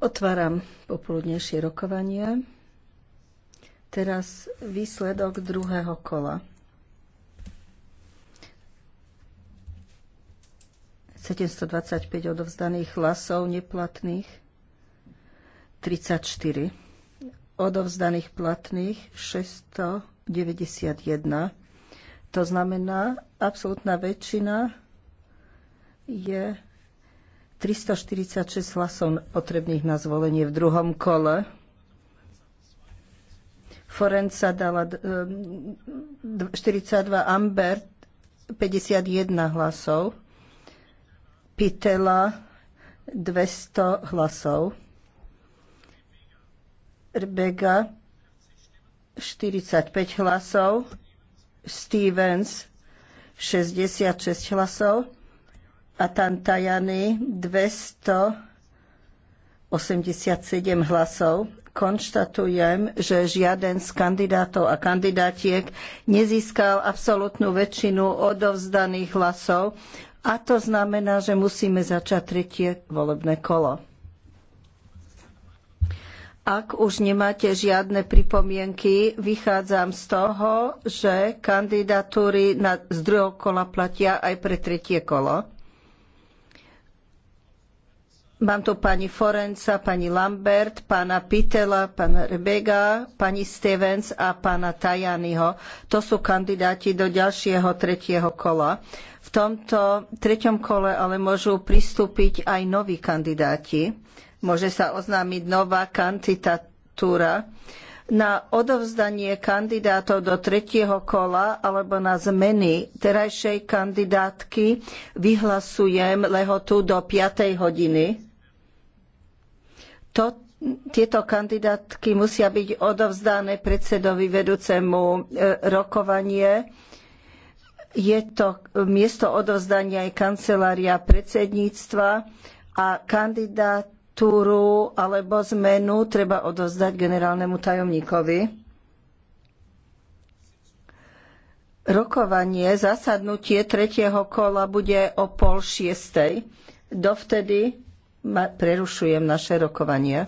Otváram popoludnejšie rokovanie. Teraz výsledok druhého kola. ...725 odovzdaných hlasov neplatných, 34. Odovzdaných platných 691. To znamená, absolútna väčšina je 346 hlasov potrebných na zvolenie v druhom kole. Forenca dala 42 e, Amber, 51 hlasov. Pitela 200 hlasov. Rebega 45 hlasov. Stevens 66 hlasov a Tajany 287 hlasov. Konštatujem, že žiaden z kandidátov a kandidátiek nezískal absolútnu väčšinu odovzdaných hlasov a to znamená, že musíme začať tretie volebné kolo. Ak už nemáte žiadne pripomienky, vychádzam z toho, že kandidatúry na, z druhého kola platia aj pre tretie kolo. Mám tu pani Forenca, pani Lambert, pána Pitela, pána Rebega, pani Stevens a pána Tajaniho. To sú kandidáti do ďalšieho tretieho kola. V tomto treťom kole ale môžu pristúpiť aj noví kandidáti. Môže sa oznámiť nová kandidatúra na odovzdanie kandidátov do tretieho kola alebo na zmeny terajšej kandidátky vyhlasujem lehotu do 5. hodiny. To, tieto kandidátky musia byť odovzdané predsedovi vedúcemu e, rokovanie. Je to miesto odovzdania aj kancelária predsedníctva a kandidatúru alebo zmenu treba odovzdať generálnemu tajomníkovi. Rokovanie, zasadnutie tretieho kola bude o pol šiestej. Dovtedy Prerušujem naše rokovanie.